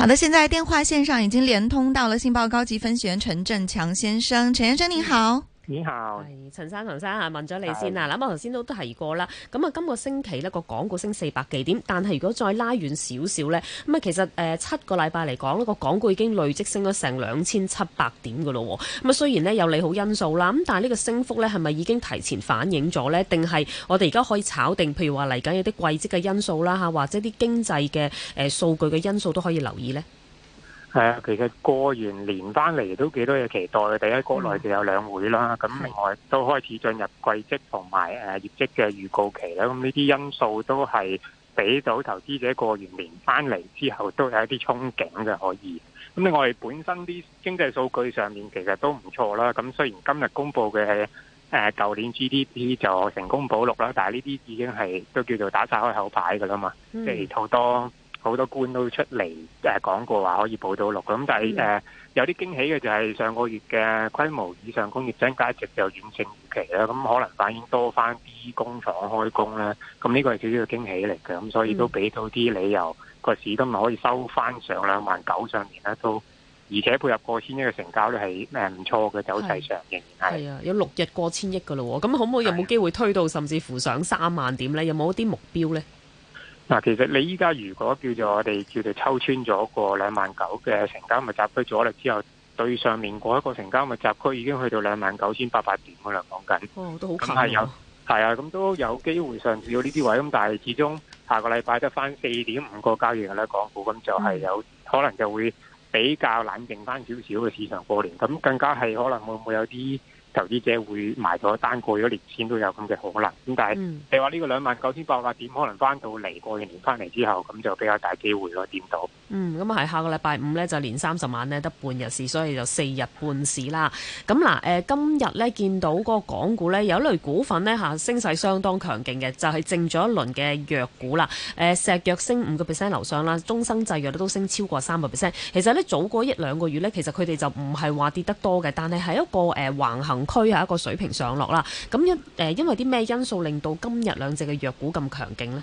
好的，現在電話線上已經連通到了信報高級分析員陳鎮強先生，陳先生您好。嗯係，陳生、陳生嚇問咗你先啊！嗱咁啊，頭先都提過啦。咁啊，今個星期呢個港股升四百幾點，但係如果再拉遠少少呢？咁啊其實誒七個禮拜嚟講呢個港股已經累積升咗成兩千七百點嘅咯喎。咁啊雖然呢有利好因素啦，咁但係呢個升幅呢係咪已經提前反映咗呢？定係我哋而家可以炒定？譬如話嚟緊有啲季節嘅因素啦嚇，或者啲經濟嘅誒數據嘅因素都可以留意呢。係啊，其實過完年翻嚟都幾多嘢期待嘅。第一國內就有兩會啦，咁、嗯、另外都開始進入季績同埋誒業績嘅預告期啦。咁呢啲因素都係俾到投資者過完年翻嚟之後都有一啲憧憬嘅，可以。咁另外本身啲經濟數據上面其實都唔錯啦。咁雖然今日公布嘅係誒舊年 GDP 就成功保六啦，但係呢啲已經係都叫做打晒開口牌噶啦嘛，即係好多。好多官都出嚟即係講過話可以保到六，咁，但係、嗯、有啲驚喜嘅就係上個月嘅規模以上工業增加值就遠勝預期啦，咁可能反映多翻啲工廠開工啦，咁呢個係少少嘅驚喜嚟嘅，咁所以都俾到啲理由個市今日可以收翻上兩萬九上邊咧，都而且配合過千億嘅成交都係誒唔錯嘅。是走勢上，仍然係啊，有六日過千億噶咯喎，咁可唔可以有冇機會推到甚至乎上三萬點咧？有冇一啲目標咧？嗱，其實你依家如果叫做我哋叫做抽穿咗個兩萬九嘅成交密集區阻力之後，對上面嗰一個成交密集區已經去到兩萬九千八百點可能講緊哦，都好近，係啊，咁、啊、都有機會上試到呢啲位，咁但係始終下個禮拜得翻四點五個交易日咧，港股咁就係有、嗯、可能就會比較冷靜翻少少嘅市場過年，咁更加係可能會唔會有啲。投資者會埋咗單，過咗年錢都有咁嘅可能。咁但係你話呢個兩萬九千八百點，可能翻到嚟過完年翻嚟之後，咁就比較大機會咯，點到。嗯，咁啊係下個禮拜五呢，就年三十晚呢得半日市，所以就四日半市啦。咁嗱，誒、呃、今日呢見到個港股呢，有一類股份呢，嚇、啊，升勢相當強勁嘅，就係靜咗一輪嘅藥股啦。誒、啊、石藥升五個 percent 樓上啦，中生製藥都升超過三個 percent。其實呢，早過一兩個月呢，其實佢哋就唔係話跌得多嘅，但係係一個誒、呃、橫行。區係一個水平上落啦，咁一誒，因為啲咩因素令到今日兩隻嘅藥股咁強勁呢？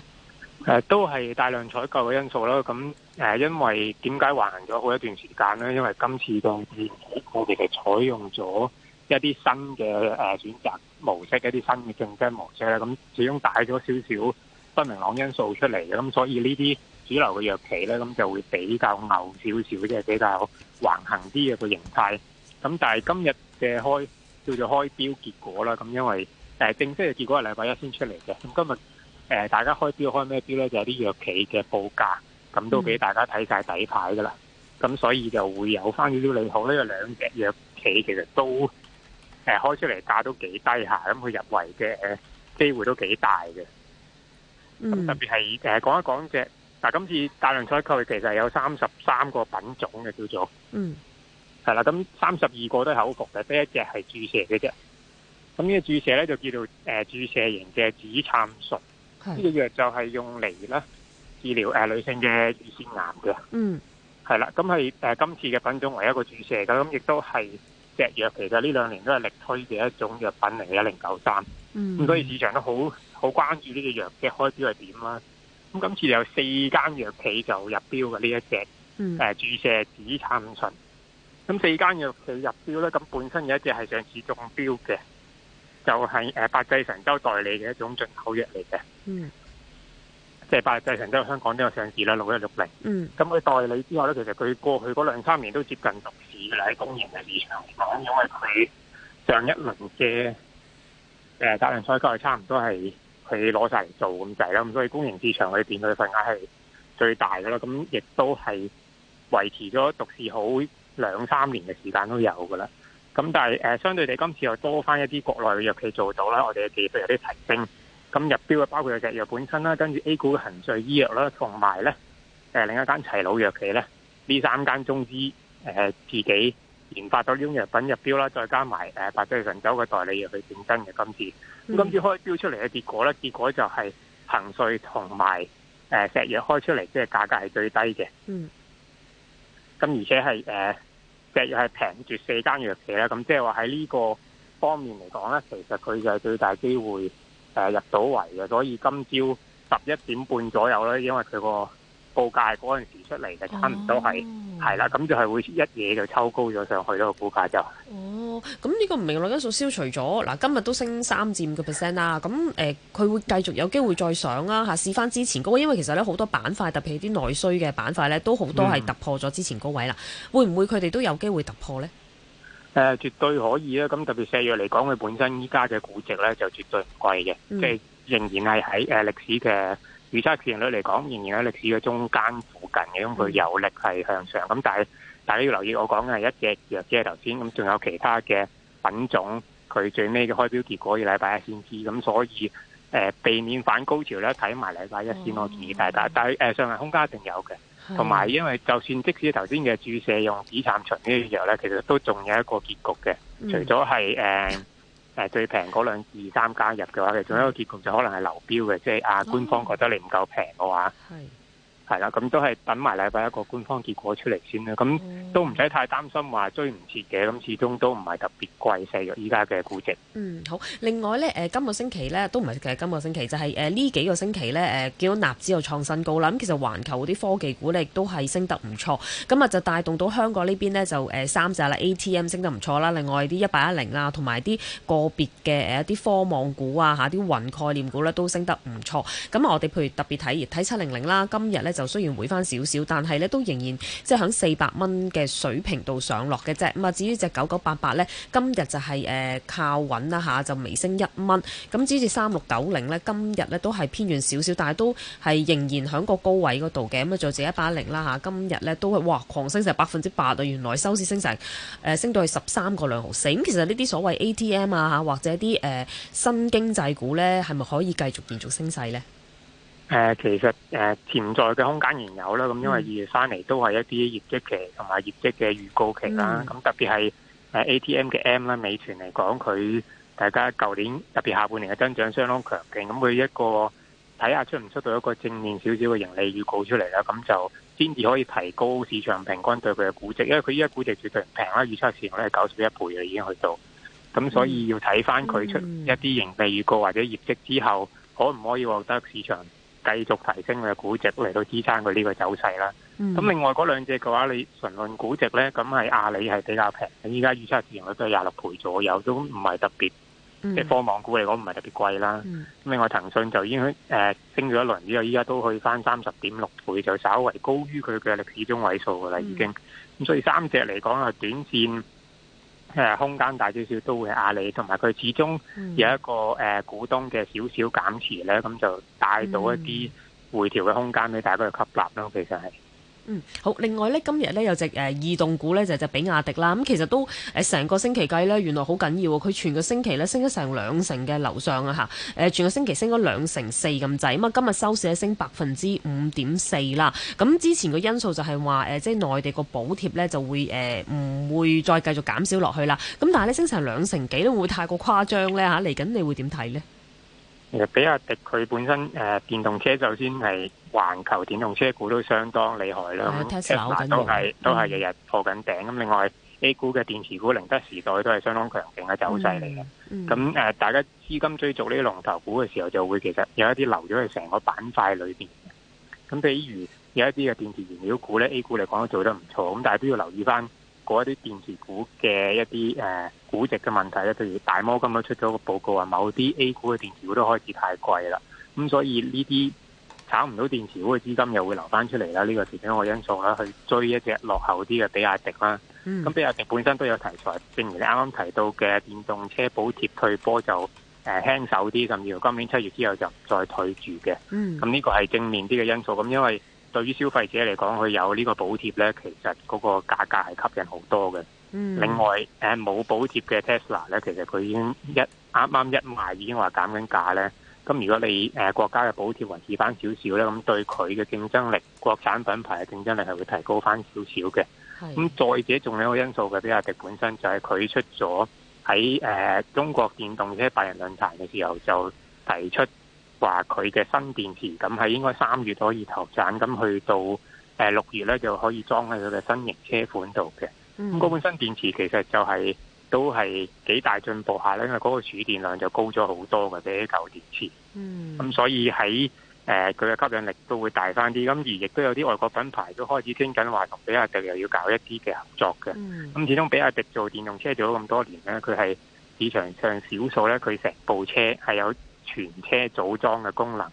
誒，都係大量採購嘅因素啦。咁誒，因為點解橫行咗好一段時間呢？因為今次當期我哋係採用咗一啲新嘅誒選擇模式，一啲新嘅競爭模式咧。咁始終帶咗少少不明朗因素出嚟嘅，咁所以呢啲主流嘅藥企咧，咁就會比較牛少少，即係比較橫行啲嘅個形態。咁但係今日嘅開叫做開標結果啦，咁因為誒正式嘅結果係禮拜一先出嚟嘅。咁今日誒、呃、大家開標開咩標咧？就有、是、啲藥企嘅報價，咁都俾大家睇晒底牌噶啦。咁、嗯、所以就會有翻少少利好，因為兩隻藥企其實都誒、呃、開出嚟價都幾低下，咁佢入圍嘅、呃、機會都幾大嘅。咁、嗯、特別係誒、呃、講一講隻嗱、啊，今次大量採購其實有三十三個品種嘅叫做。嗯。係啦，咁三十二個都口服嘅，得一隻係注射嘅啫。咁呢個注射咧，就叫做誒注射型嘅紫杉醇呢個藥就係用嚟咧治療誒、呃、女性嘅乳腺癌嘅。嗯，係啦，咁係誒今次嘅品種唯一一個注射嘅，咁亦都係石藥其實呢兩年都係力推嘅一種藥品嚟嘅一零九三。嗯，咁所以市場都好好關注呢個藥嘅開標係點啦。咁今次有四間藥企就入標嘅呢一隻誒、嗯、注射紫杉醇。咁四間藥企入標咧，咁本身有一隻係上次中標嘅，就係誒百濟神州代理嘅一種進口藥嚟嘅。嗯。即係百濟神州香港都有上市啦，六一六零。嗯。咁佢代理之外咧，其實佢過去嗰兩三年都接近獨市啦，喺公營嘅市場嚟講，因為佢上一輪嘅誒格蘭賽膠係差唔多係佢攞晒嚟做咁滯啦，咁所以公營市場裏邊佢份額係最大噶啦，咁亦都係維持咗獨市好。兩三年嘅時間都有㗎啦，咁但係相對地今次又多翻一啲國內嘅藥企做到啦，我哋嘅技術有啲提升，咁入標嘅包括有石藥本身啦，跟住 A 股嘅恒瑞醫藥啦，同埋咧另一間齊魯藥企咧，呢三間中醫、呃、自己研發咗呢種藥品入標啦，再加埋誒百濟神州嘅代理藥去競爭嘅今次，咁今次開標出嚟嘅結果咧，mm. 結果就係恒瑞同埋誒石藥開出嚟，即係價格係最低嘅，咁、mm. 而且係又係平住四間藥企啦，咁即係話喺呢個方面嚟講呢，其實佢就係最大機會誒入到圍嘅，所以今朝十一點半左右呢，因為佢個報價嗰陣時出嚟嘅，差唔多係係啦，咁就係會一嘢就抽高咗上去咯，個股價就。 咁呢、哦、個唔明朗因素消除咗，嗱今日都升三至五個 percent 啦。咁誒，佢、呃、會繼續有機會再上啦、啊、吓，試翻之前位、那個、因為其實咧好多板塊，特別啲內需嘅板塊咧，都好多係突破咗之前高位啦。嗯、會唔會佢哋都有機會突破咧？誒、呃，絕對可以啊。咁特別四月嚟講，佢本身依家嘅估值咧就絕對唔貴嘅，嗯、即係仍然係喺誒歷史嘅預測市盈率嚟講，仍然喺歷史嘅中間附近嘅，咁佢、嗯、有力係向上。咁但係大家要留意，我講嘅係一隻藥，即係頭先咁，仲有其他嘅品種，佢最尾嘅開標結果要禮拜一先知，咁所以誒、呃、避免反高潮咧，睇埋禮拜一先，我建議大家有的。但係誒，上係空間一定有嘅，同埋因為就算即使頭先嘅注射用紫杉醇呢個藥咧，其實都仲有一個結局嘅。嗯、除咗係誒誒最平嗰兩二三加入嘅話，其實仲有一個結局就可能係流標嘅，即係的啊、哦、官方覺得你唔夠平嘅話。啦，咁都係等埋禮拜一個官方結果出嚟先啦。咁都唔使太擔心話追唔切嘅，咁始終都唔係特別貴勢嘅。依家嘅估值，嗯好。另外咧、呃，今個星期咧都唔係其實今個星期就係、誒、呢幾個星期咧誒見到納指又創新高啦。咁其實環球嗰啲科技股咧都係升得唔錯，咁啊就帶動到香港呢邊咧就三隻啦，ATM 升得唔錯啦。另外啲一八一零啦，同埋啲個別嘅一啲科網股啊嚇啲、啊、雲概念股咧都升得唔錯。咁我哋譬如特別睇熱睇七零零啦，今日咧。就雖然回翻少少，但係呢都仍然即係喺四百蚊嘅水平度上落嘅啫。咁啊，至於隻九九八八呢，今日就係靠穩啦嚇，就微升一蚊。咁至於三六九零呢，今日呢都係偏遠少少，但係都係仍然喺個高位嗰度嘅。咁啊，再借一八零啦嚇，今日呢都係哇狂升成百分之八啊！原來收市升成、呃、升到去十三個兩毫四。咁其實呢啲所謂 ATM 啊或者啲、呃、新經濟股呢，係咪可以繼續延續升勢呢？誒，其實誒，潛在嘅空間仍有啦。咁因為二月翻嚟都係一啲業績期同埋業績嘅預告期啦。咁、嗯、特別係 ATM 嘅 M 啦，美團嚟講，佢大家舊年特別下半年嘅增長相當強勁。咁佢一個睇下出唔出到一個正面少少嘅盈利預告出嚟啦。咁就先至可以提高市場平均對佢嘅估值。因為佢依家估值絕對平啦，預測市盈率九十一倍已經去到。咁所以要睇翻佢出一啲盈利預告或者業績之後，可唔可以獲得市場？繼續提升佢嘅估值嚟到支撐佢呢個走勢啦。咁另外嗰兩隻嘅話，你純論估值咧，咁係阿里係比較平，依家預測市盈率都係廿六倍左右，都唔係特別，即係科網股嚟講唔係特別貴啦。咁另外騰訊就已經誒、呃、升咗一輪之後，依家都去翻三十點六倍，就稍為高於佢嘅歷史中位數噶啦已經。咁所以三隻嚟講啊，係短線。誒空間大少少都會係壓力，同埋佢始終有一個誒股東嘅少少減持咧，咁就帶到一啲回調嘅空間，俾大家去吸納咯，其實係。嗯，好。另外咧，今日咧有隻誒、呃、異動股咧，就就係、比亞迪啦。咁、嗯、其實都誒成、呃、個星期計咧，原來好緊要喎、啊。佢全個星期咧升咗成兩成嘅樓上啊、呃，全個星期升咗兩成四咁滯啊嘛。今日收市咧升百分之五點四啦。咁、嗯、之前個因素就係話、呃、即係內地個補貼咧就會誒唔、呃、會再繼續減少落去啦。咁、嗯、但係咧升成兩成幾會唔會太過誇張咧嚇？嚟、啊、緊你會點睇呢？其實比亞迪佢本身誒、呃、電動車，首先係環球電動車股都相當厲害啦，咁一欄都係、嗯、都係日日破緊頂。咁、嗯、另外 A 股嘅電池股寧德時代都係相當強勁嘅走勢嚟嘅。咁誒、嗯嗯呃，大家資金追逐呢啲龍頭股嘅時候，就會其實有一啲留咗喺成個板塊裏邊。咁比如有一啲嘅電池原料股咧，A 股嚟講都做得唔錯，咁但係都要留意翻。嗰一啲電池股嘅一啲誒估值嘅問題咧，譬如大摩今日出咗個報告話，某啲 A 股嘅電池股都開始太貴啦，咁所以呢啲炒唔到電池股嘅資金又會留翻出嚟啦，呢、這個係其中一個因素啦，去追一隻落後啲嘅比亞迪啦。咁、嗯、比亞迪本身都有題材，正如你啱啱提到嘅電動車補貼退坡就、呃、輕手啲，甚至乎今年七月之後就唔再退住嘅。咁呢、嗯、個係正面啲嘅因素，咁因為，對於消費者嚟講，佢有呢個補貼呢，其實嗰個價格係吸引好多嘅。嗯、另外，誒冇補貼嘅 Tesla 咧，其實佢已經一啱啱一賣已經話減緊價呢。咁如果你誒國家嘅補貼維持翻少少呢，咁對佢嘅競爭力，國產品牌嘅競爭力係會提高翻少少嘅。咁的再者，仲有一個因素嘅，比亞迪本身就係佢出咗喺誒中國電動車百人論壇嘅時候就提出。話佢嘅新電池咁係應該三月可以投產，咁去到誒六月咧就可以裝喺佢嘅新型車款度嘅。咁本款新電池其實就係、是、都係幾大進步下咧，因為嗰個儲電量就高咗好多嘅，比起舊電池。嗯。咁所以喺誒佢嘅吸引力都會大翻啲。咁而亦都有啲外國品牌都開始傾緊話，同比亞迪又要搞一啲嘅合作嘅。嗯。咁始終比亞迪做電動車做咗咁多年咧，佢係市場上少數咧，佢成部車係有。全車組裝嘅功能，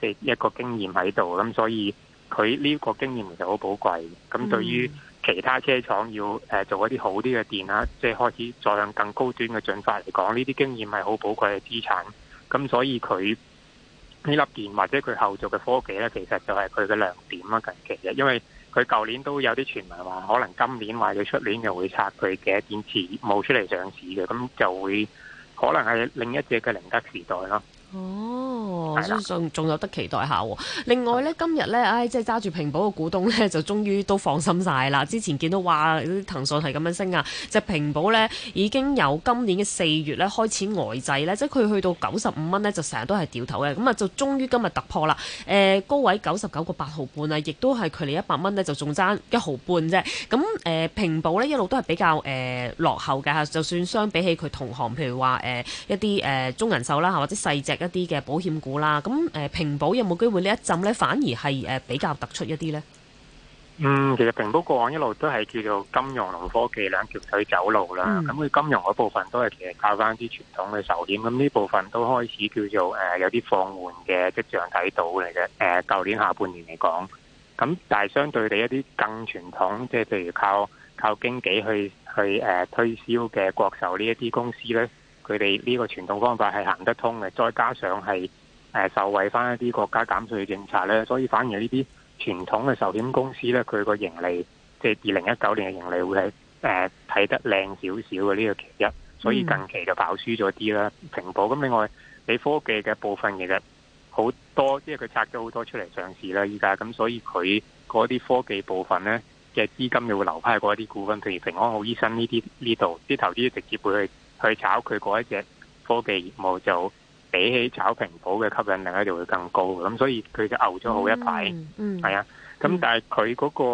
即係一個經驗喺度，咁所以佢呢個經驗就好寶貴。咁對於其他車廠要誒做一啲好啲嘅電啦，即係開始再向更高端嘅進化嚟講，呢啲經驗係好寶貴嘅資產。咁所以佢呢粒電或者佢後續嘅科技呢，其實就係佢嘅亮點啦。近期嘅，因為佢舊年都有啲傳聞話，可能今年或者出年就會拆佢嘅電池，冇出嚟上市嘅，咁就會。可能係另一隻嘅零格時代咯。我相仲有得期待下。另外呢，今日呢，唉、哎，即係揸住屏保嘅股東呢，就終於都放心晒啦。之前見到哇，騰騰訊係咁樣升啊，隻屏保呢已經由今年嘅四月呢開始呆滯呢，即係佢去到九十五蚊呢，就成日都係掉頭嘅。咁啊，就終於今日突破啦、呃。高位九十九個八毫半啊，亦都係距離一百蚊呢，就仲爭一毫半啫。咁平屏保呢，一路都係比較、呃、落後嘅就算相比起佢同行，譬如話、呃、一啲、呃、中人壽啦或者細隻一啲嘅保險股啦。啊，咁誒平保有冇機會呢一陣咧，反而係誒、呃、比較突出一啲咧？嗯，其實平保過往一路都係叫做金融同科技兩條腿走路啦。咁佢、嗯、金融嗰部分都係其實靠翻啲傳統嘅壽險，咁呢部分都開始叫做誒、呃、有啲放緩嘅跡象睇到嚟嘅。誒、呃、舊年下半年嚟講，咁但係相對地一啲更傳統，即係譬如靠靠經紀去去誒、呃、推銷嘅國壽呢一啲公司咧，佢哋呢個傳統方法係行得通嘅，再加上係。誒受惠翻一啲國家減稅政策咧，所以反而呢啲傳統嘅壽險公司咧，佢個盈利即係二零一九年嘅盈利會係誒睇得靚少少嘅呢個期一，所以近期就跑輸咗啲啦，平保。咁另外你科技嘅部分其實好多，即係佢拆咗好多出嚟上市啦，依家咁所以佢嗰啲科技部分咧嘅資金又會流派過一啲股份，譬如平安好醫生呢啲呢度啲投資直接會去去炒佢嗰一隻科技業務就。比起炒平保嘅吸引力咧，就會更高。咁所以佢就捱咗好一排，係、嗯嗯、啊。咁、嗯、但係佢嗰個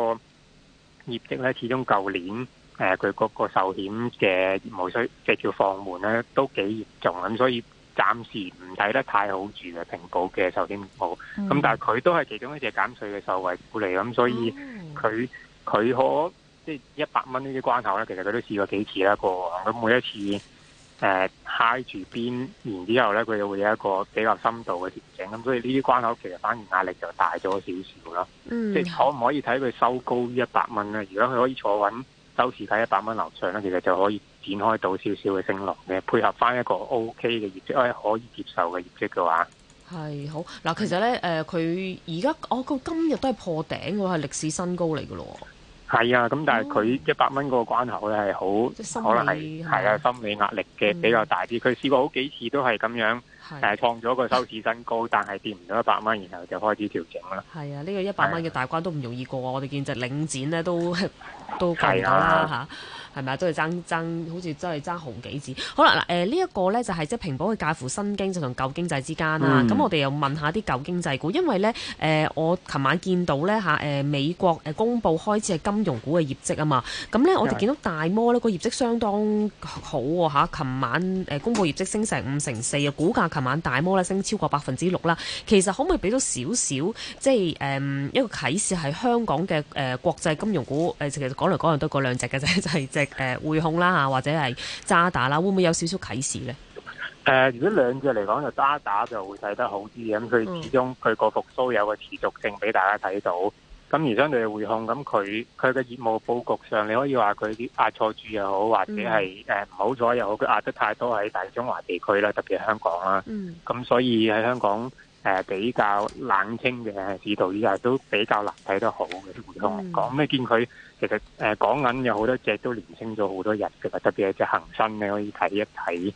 業績咧，始終舊年誒，佢、呃、嗰個壽險嘅業務衰，即叫放慢咧，都幾嚴重。咁所以暫時唔睇得太好住嘅平保嘅壽險股。咁、嗯、但係佢都係其中一隻減稅嘅受惠股嚟。咁、嗯、所以佢佢、嗯、可即係一百蚊呢啲關口咧，其實佢都試過幾次啦。咁每一次。誒揩住邊，然之後咧佢又會有一個比較深度嘅調整咁，所以呢啲關口其實反而壓力就大咗少少啦。嗯、即係可唔可以睇佢收高於一百蚊咧？如果佢可以坐穩收市睇一百蚊樓上咧，其實就可以展開到少少嘅升浪嘅，配合翻一個 O K 嘅業績，可以接受嘅業績嘅話，係好嗱。其實咧誒，佢而家我個今日都係破頂喎，係歷史新高嚟噶咯。係啊，咁但係佢一百蚊個關口咧，係好、嗯，可能係係啊，啊心理壓力嘅比較大啲。佢試過好幾次都係咁樣，誒、啊，創咗個收市新高，但係跌唔到一百蚊，然後就開始調整啦。係啊，呢、這個一百蚊嘅大關都唔容易過，啊、我哋見隻領展咧都都計啦吓。係咪啊？都係爭爭，好似真係爭紅幾子。好、呃、啦，嗱、這、誒、個、呢一個咧就係即係平保佢介乎新經濟同舊經濟之間啦。咁、嗯、我哋又問下啲舊經濟股，因為咧誒、呃、我琴晚見到咧嚇誒美國誒公佈開始係金融股嘅業績啊嘛。咁咧我哋見到大摩咧個業績相當好喎、啊、嚇。琴、啊、晚誒公佈業績升成五成四啊，股價琴晚大摩咧升超過百分之六啦。其實可唔可以俾到少少即係誒、嗯、一個啟示係香港嘅誒、呃、國際金融股誒？其實講嚟講去都嗰兩隻嘅啫，就係、是誒，匯控啦嚇，或者係渣打啦，會唔會有少少啟示咧？誒、呃，如果兩隻嚟講，就渣打就會睇得好啲，咁佢始終佢個復蘇有個持續性俾大家睇到。咁、嗯、而相對嘅匯控，咁佢佢嘅業務佈局上，你可以話佢壓錯住又好，或者係誒唔好彩又好，佢壓得太多喺大中華地區啦，特別係香港啦。咁所以喺香港。誒、呃，比較冷清嘅市道依家都比較難睇得好嘅啲匯控。咁咧、嗯、見佢其實，誒、呃、港銀有好多隻都連升咗好多日嘅，特別係隻恒生你可以睇一睇，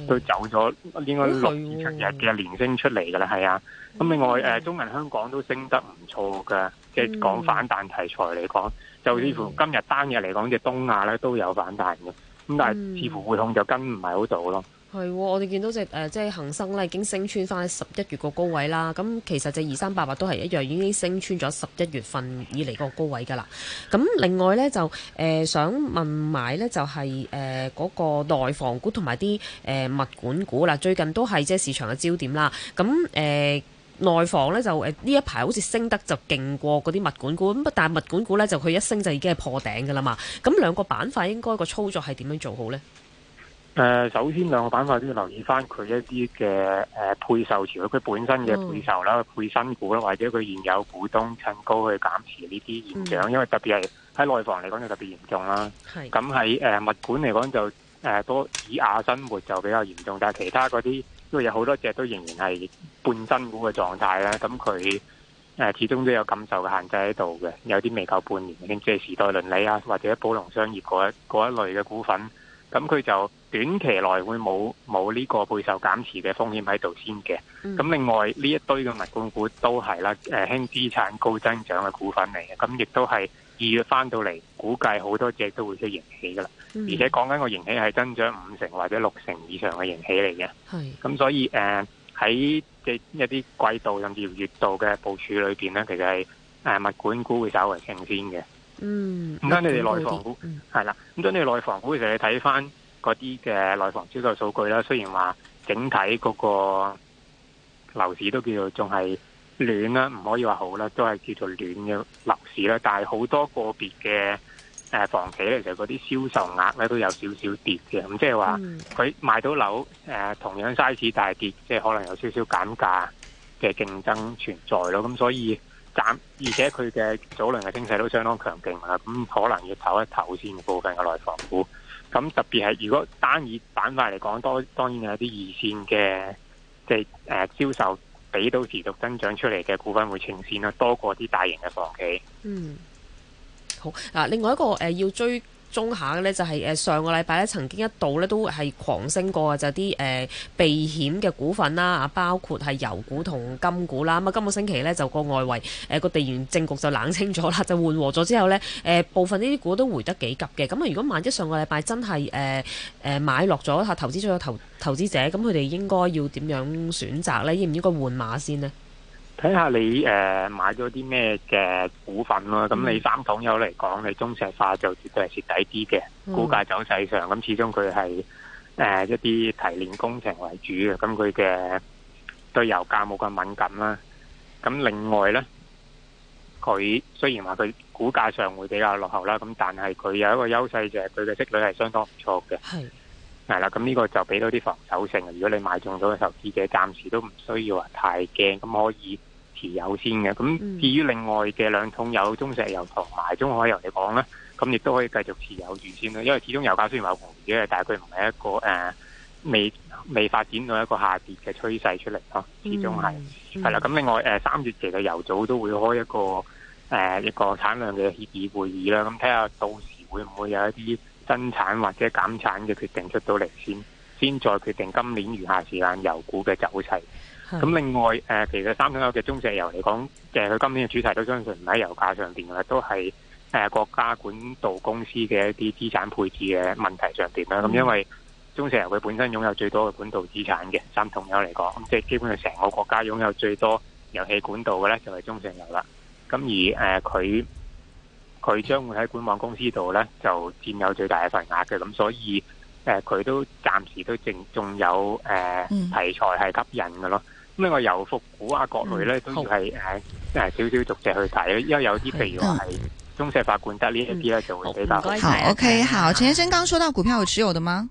是都走咗。應該律師的另外六二七日嘅連升出嚟㗎啦，係啊的。咁另外中銀香港都升得唔錯嘅，即係的講反彈題材嚟講，就似乎今日單日嚟講嘅東亞咧都有反彈嘅。咁但係似乎匯控就跟唔係好到咯。係，我哋見到隻誒即係恆生咧，已經升穿翻十一月個高位啦。咁其實隻二三八八都係一樣，已經升穿咗十一月份以嚟個高位噶啦。咁另外呢，就誒想問埋呢，就係誒嗰個內房股同埋啲誒物管股啦，最近都係即係市場嘅焦點啦。咁誒內房呢，就誒呢一排好似升得就勁過嗰啲物管股，咁但係物管股呢，就佢一升就已經係破頂噶啦嘛。咁兩個板塊應該個操作係點樣做好呢？誒，首先兩個板塊都要留意翻佢一啲嘅誒配售潮，佢本身嘅配售啦、mm. 配新股啦，或者佢現有股東趁高去減持呢啲現象，mm. 因為特別係喺內房嚟講就特別嚴重啦。咁喺誒物管嚟講就誒多以亞生活就比較嚴重，但係其他嗰啲因為有好多隻都仍然係半新股嘅狀態啦。咁佢誒始終都有感受嘅限制喺度嘅，有啲未夠半年已經，即係時代倫理啊，或者寶龍商業嗰一嗰一類嘅股份。咁佢就短期內會冇冇呢個配售減持嘅風險喺度先嘅。咁、嗯、另外呢一堆嘅物管股都係啦，誒輕資產高增長嘅股份嚟嘅。咁、嗯、亦、嗯、都係二月翻到嚟，估計好多隻都會即係盈喜噶啦。而且講緊個盈喜係增長五成或者六成以上嘅盈喜嚟嘅。係是。咁所以誒喺、呃、一啲季度甚至月度嘅部署裏邊咧，其實係誒、呃、物管股會稍為升先嘅。嗯，咁你哋內房股係啦，咁在、嗯、你內房股嘅時候，你睇翻嗰啲嘅內房銷售數據啦。雖然話整體嗰個樓市都叫做仲係暖啦，唔可以話好啦，都係叫做暖嘅樓市啦。但係好多個別嘅誒房企咧，就嗰啲銷售額咧都有少少跌嘅。咁即係話佢賣到樓誒、呃，同樣 size 但係跌，即、就、係、是、可能有少少減價嘅競爭存在咯。咁所以。賺，而且佢嘅早輪嘅經濟都相當強勁啦，咁可能要投一投先部分嘅內房股，咁特別係如果單以板塊嚟講，多當然有啲二線嘅，即係誒銷售俾到持續增長出嚟嘅股份會呈現啦，多過啲大型嘅房企。嗯，好，嗱、啊，另外一個誒、呃、要追。中下嘅呢就係誒上個禮拜呢曾經一度呢都係狂升過嘅就啲、是、誒避險嘅股份啦啊，包括係油股同金股啦。咁啊，今個星期呢，就個外圍誒個地緣政局就冷清咗啦，就緩和咗之後呢，誒部分呢啲股都回得幾急嘅。咁啊，如果萬一上個禮拜真係誒誒買落咗下投資者投投資者咁，佢哋應該要點樣選擇呢？要應唔應該換馬先呢？睇下你誒、呃、買咗啲咩嘅股份囉。咁、嗯、你三桶油嚟講，你中石化就絕對係蝕底啲嘅，股價走勢上，咁始終佢係誒一啲提煉工程為主嘅，咁佢嘅對油價冇咁敏感啦。咁另外咧，佢雖然話佢股價上會比較落後啦，咁但係佢有一個優勢就係佢嘅息率係相當唔錯嘅。係啦，咁呢個就俾到啲防守性嘅。如果你買中咗嘅投資者，自己暫時都唔需要話太驚，咁可以持有先嘅。咁至於另外嘅兩桶油，中石油同埋中海油嚟講咧，咁亦都可以繼續持有住先啦。因為始終油價雖然有紅嘅，但係佢唔係一個誒、呃、未未發展到一個下跌嘅趨勢出嚟咯。始終係係啦。咁、嗯嗯、另外誒，三、呃、月期嘅油組都會開一個誒、呃、一個產量嘅協議會議啦。咁睇下到時會唔會有一啲。增產或者減產嘅決定出到嚟先，先再決定今年餘下時間油股嘅走勢。咁的另外、呃，其實三桶油嘅中石油嚟講，誒、呃、佢今年嘅主題都相信唔喺油價上邊，嘅，都係誒國家管道公司嘅一啲資產配置嘅問題上邊。啦的。咁因為中石油佢本身擁有最多嘅管道資產嘅三桶油嚟講，即、就是、基本上成個國家擁有最多油氣管道嘅咧，就係、是、中石油啦。咁而誒佢。呃它佢將會喺管網公司度咧，就佔有最大嘅份額嘅，咁所以誒，佢都暫時都正仲有誒題材係吸引㗎咯。咁咧、嗯，我由復股啊，各類咧都要係誒少少逐隻去睇，因為有啲譬如話係中石化冠德呢一啲咧，就會比較、嗯、好。好 OK，好，陳先生剛剛講到股票有持有嘅嗎？